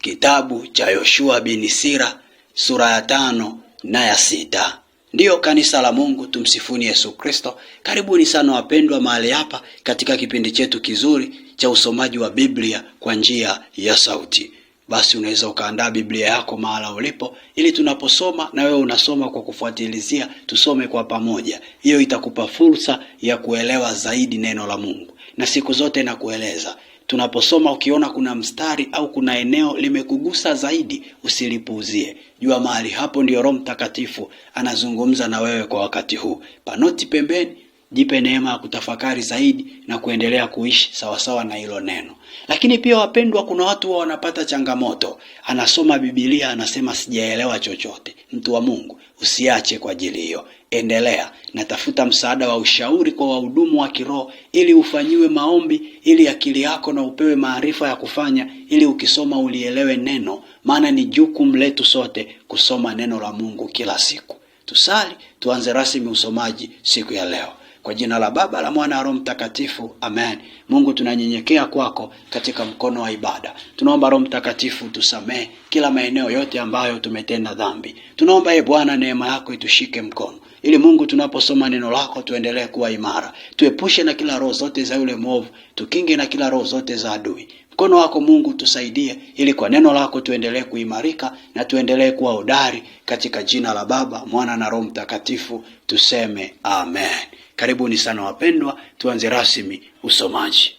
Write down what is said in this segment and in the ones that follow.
kitabu cha Yoshua bin Sira sura ya tano na ya sita. Ndiyo kanisa la Mungu, tumsifuni Yesu Kristo. Karibuni sana wapendwa mahali hapa katika kipindi chetu kizuri cha usomaji wa Biblia kwa njia ya sauti. Basi unaweza ukaandaa Biblia yako mahala ulipo, ili tunaposoma na wewe unasoma kwa kufuatilizia, tusome kwa pamoja. Hiyo itakupa fursa ya kuelewa zaidi neno la Mungu, na siku zote nakueleza Tunaposoma ukiona kuna mstari au kuna eneo limekugusa zaidi, usilipuuzie. Jua mahali hapo ndio Roho Mtakatifu anazungumza na wewe kwa wakati huu. Panoti pembeni jipe neema ya kutafakari zaidi na kuendelea kuishi sawasawa na hilo neno. Lakini pia wapendwa, kuna watu wa wanapata changamoto, anasoma Biblia anasema sijaelewa chochote. Mtu wa Mungu, usiache kwa ajili hiyo, endelea na tafuta msaada wa ushauri kwa wahudumu wa kiroho, ili ufanyiwe maombi, ili akili yako na upewe maarifa ya kufanya, ili ukisoma ulielewe neno, maana ni jukumu letu sote kusoma neno la Mungu kila siku. Tusali tuanze rasmi usomaji siku ya leo. Kwa jina la Baba la Mwana na Roho Mtakatifu, amen. Mungu, tunanyenyekea kwako katika mkono wa ibada. Tunaomba Roho Mtakatifu tusamehe kila maeneo yote ambayo tumetenda dhambi. Tunaomba e Bwana, neema yako itushike mkono ili Mungu, tunaposoma neno lako tuendelee kuwa imara, tuepushe na kila roho zote za yule mwovu, tukinge na kila roho zote za adui. Mkono wako Mungu tusaidie, ili kwa neno lako tuendelee kuimarika na tuendelee kuwa hodari, katika jina la Baba, Mwana na Roho Mtakatifu tuseme amen. Karibuni sana wapendwa, tuanze rasmi usomaji.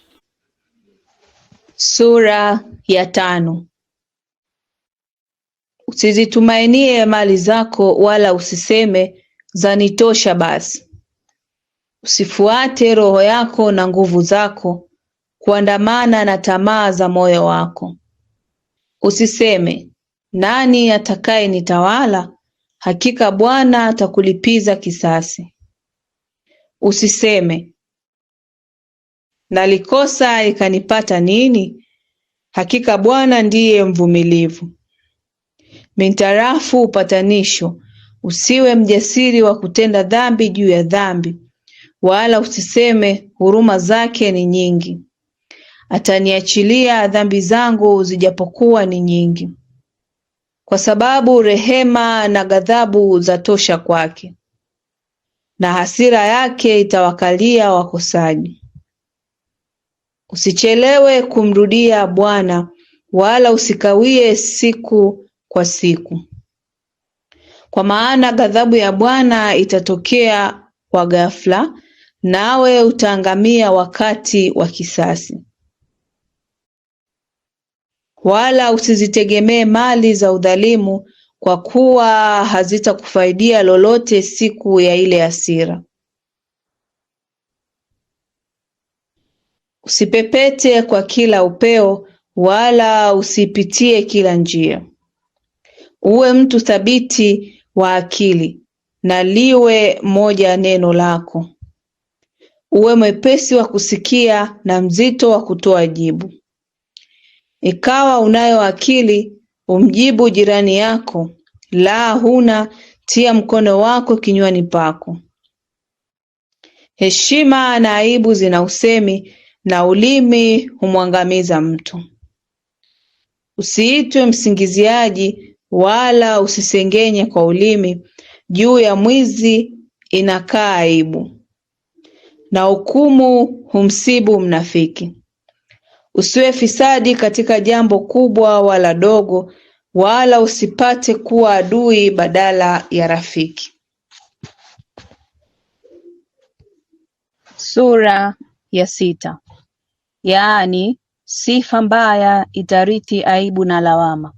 Sura ya tano. Usizitumainie mali zako, wala usiseme zanitosha basi. Usifuate roho yako na nguvu zako, kuandamana na tamaa za moyo wako. Usiseme, nani atakaye nitawala Hakika Bwana atakulipiza kisasi. Usiseme, nalikosa ikanipata nini? Hakika Bwana ndiye mvumilivu. Mintarafu upatanisho, usiwe mjasiri wa kutenda dhambi juu ya dhambi, wala usiseme huruma zake ni nyingi ataniachilia dhambi zangu zijapokuwa ni nyingi, kwa sababu rehema na ghadhabu zatosha kwake, na hasira yake itawakalia wakosaji. Usichelewe kumrudia Bwana, wala usikawie siku kwa siku, kwa maana ghadhabu ya Bwana itatokea kwa ghafla, nawe utaangamia wakati wa kisasi wala usizitegemee mali za udhalimu, kwa kuwa hazitakufaidia lolote siku ya ile hasira. Usipepete kwa kila upeo, wala usipitie kila njia. Uwe mtu thabiti wa akili, na liwe moja neno lako. Uwe mwepesi wa kusikia na mzito wa kutoa jibu. Ikawa unayo akili umjibu jirani yako; la huna, tia mkono wako kinywani pako. Heshima na aibu zina usemi, na ulimi humwangamiza mtu. Usiitwe msingiziaji, wala usisengenye kwa ulimi; juu ya mwizi inakaa aibu, na hukumu humsibu mnafiki. Usiwe fisadi katika jambo kubwa wala dogo, wala usipate kuwa adui badala ya rafiki. Sura ya sita, yaani sifa mbaya itarithi aibu na lawama,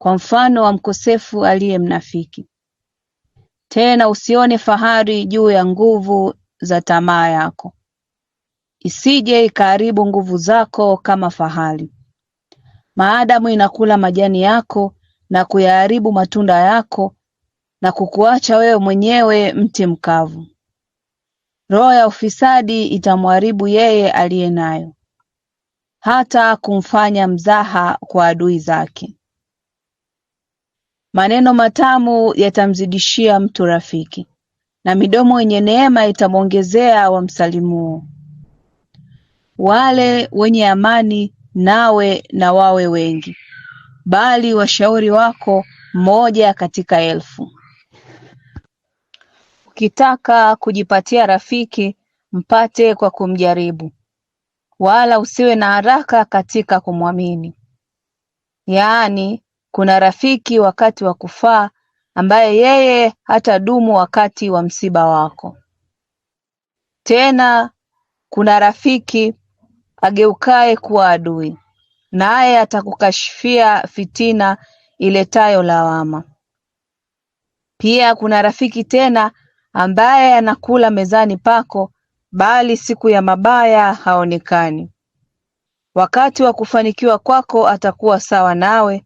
kwa mfano wa mkosefu aliye mnafiki. Tena usione fahari juu ya nguvu za tamaa yako, isije ikaharibu nguvu zako kama fahali, maadamu inakula majani yako na kuyaharibu matunda yako na kukuacha wewe mwenyewe mti mkavu. Roho ya ufisadi itamharibu yeye aliye nayo, hata kumfanya mzaha kwa adui zake. Maneno matamu yatamzidishia mtu rafiki, na midomo yenye neema itamwongezea wamsalimuo wale wenye amani nawe na wawe wengi, bali washauri wako mmoja katika elfu. Ukitaka kujipatia rafiki, mpate kwa kumjaribu, wala usiwe na haraka katika kumwamini. Yaani, kuna rafiki wakati wa kufaa, ambaye yeye hatadumu wakati wa msiba wako. Tena kuna rafiki ageukaye kuwa adui, naye atakukashifia fitina iletayo lawama. Pia kuna rafiki tena ambaye anakula mezani pako, bali siku ya mabaya haonekani. Wakati wa kufanikiwa kwako atakuwa sawa nawe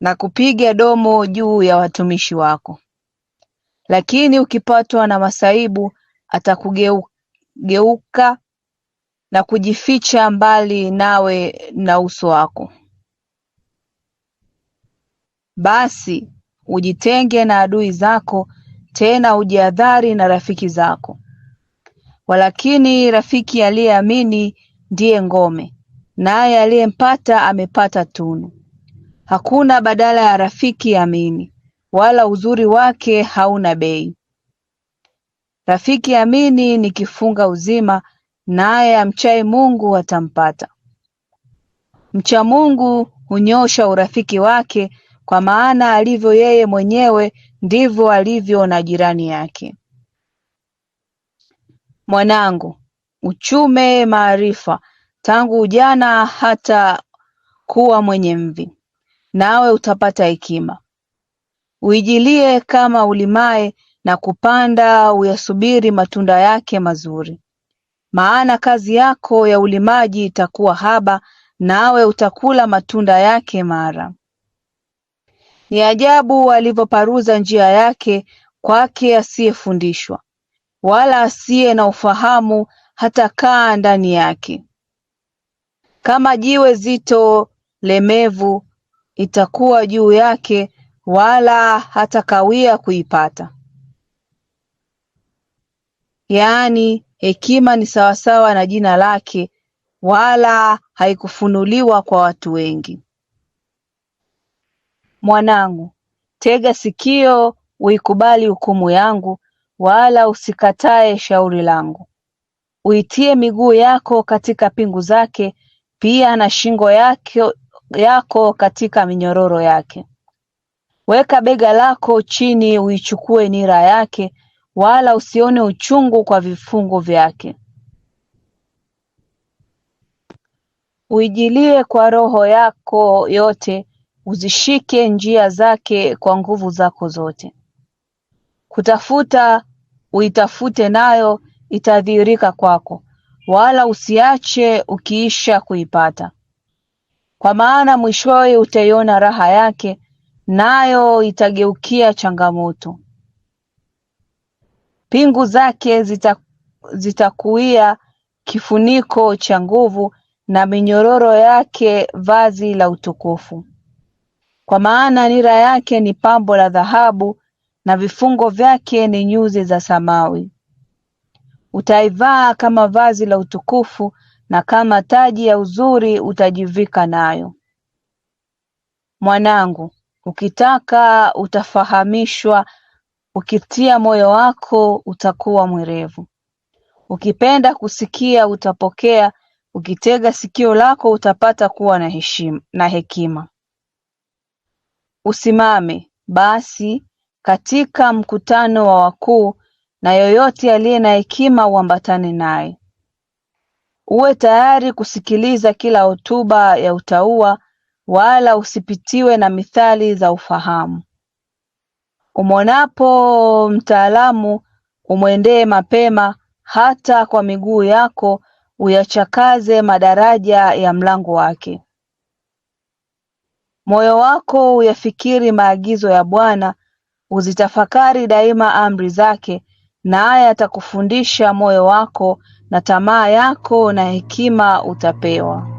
na kupiga domo juu ya watumishi wako, lakini ukipatwa na masaibu atakugeuka na kujificha mbali nawe na uso wako, basi ujitenge na adui zako, tena ujihadhari na rafiki zako. Walakini rafiki aliyeamini ndiye ngome, naye aliyempata amepata tunu. Hakuna badala ya rafiki amini, wala uzuri wake hauna bei. Rafiki amini ni kifunga uzima naye amchaye Mungu atampata. Mcha Mungu hunyosha urafiki wake kwa maana alivyo yeye mwenyewe ndivyo alivyo na jirani yake. Mwanangu, uchume maarifa tangu ujana hata kuwa mwenye mvi, nawe utapata hekima. Uijilie kama ulimaye na kupanda, uyasubiri matunda yake mazuri maana kazi yako ya ulimaji itakuwa haba, nawe utakula matunda yake mara. Ni ajabu alivyoparuza njia yake kwake asiyefundishwa, wala asiye na ufahamu hatakaa ndani yake. Kama jiwe zito lemevu itakuwa juu yake, wala hatakawia kuipata yaani hekima ni sawasawa na jina lake wala haikufunuliwa kwa watu wengi. Mwanangu, tega sikio uikubali hukumu yangu, wala usikatae shauri langu. Uitie miguu yako katika pingu zake, pia na shingo yako, yako katika minyororo yake. Weka bega lako chini, uichukue nira yake, wala usione uchungu kwa vifungo vyake. Uijilie kwa roho yako yote, uzishike njia zake kwa nguvu zako zote. Kutafuta uitafute, nayo itadhihirika kwako, wala usiache ukiisha kuipata, kwa maana mwishowe utaiona raha yake, nayo itageukia changamoto. Pingu zake zitakuia kifuniko cha nguvu, na minyororo yake vazi la utukufu. Kwa maana nira yake ni pambo la dhahabu, na vifungo vyake ni nyuzi za samawi. Utaivaa kama vazi la utukufu, na kama taji ya uzuri utajivika nayo. Mwanangu, ukitaka utafahamishwa Ukitia moyo wako utakuwa mwerevu; ukipenda kusikia utapokea; ukitega sikio lako utapata kuwa na hekima. Usimame, basi, katika mkutano wa wakuu, na yoyote aliye na hekima uambatane naye. Uwe tayari kusikiliza kila hotuba ya utauwa, wala usipitiwe na mithali za ufahamu. Umwonapo mtaalamu umwendee mapema hata kwa miguu yako uyachakaze madaraja ya mlango wake moyo wako uyafikiri maagizo ya Bwana uzitafakari daima amri zake naye atakufundisha moyo wako na tamaa yako na hekima utapewa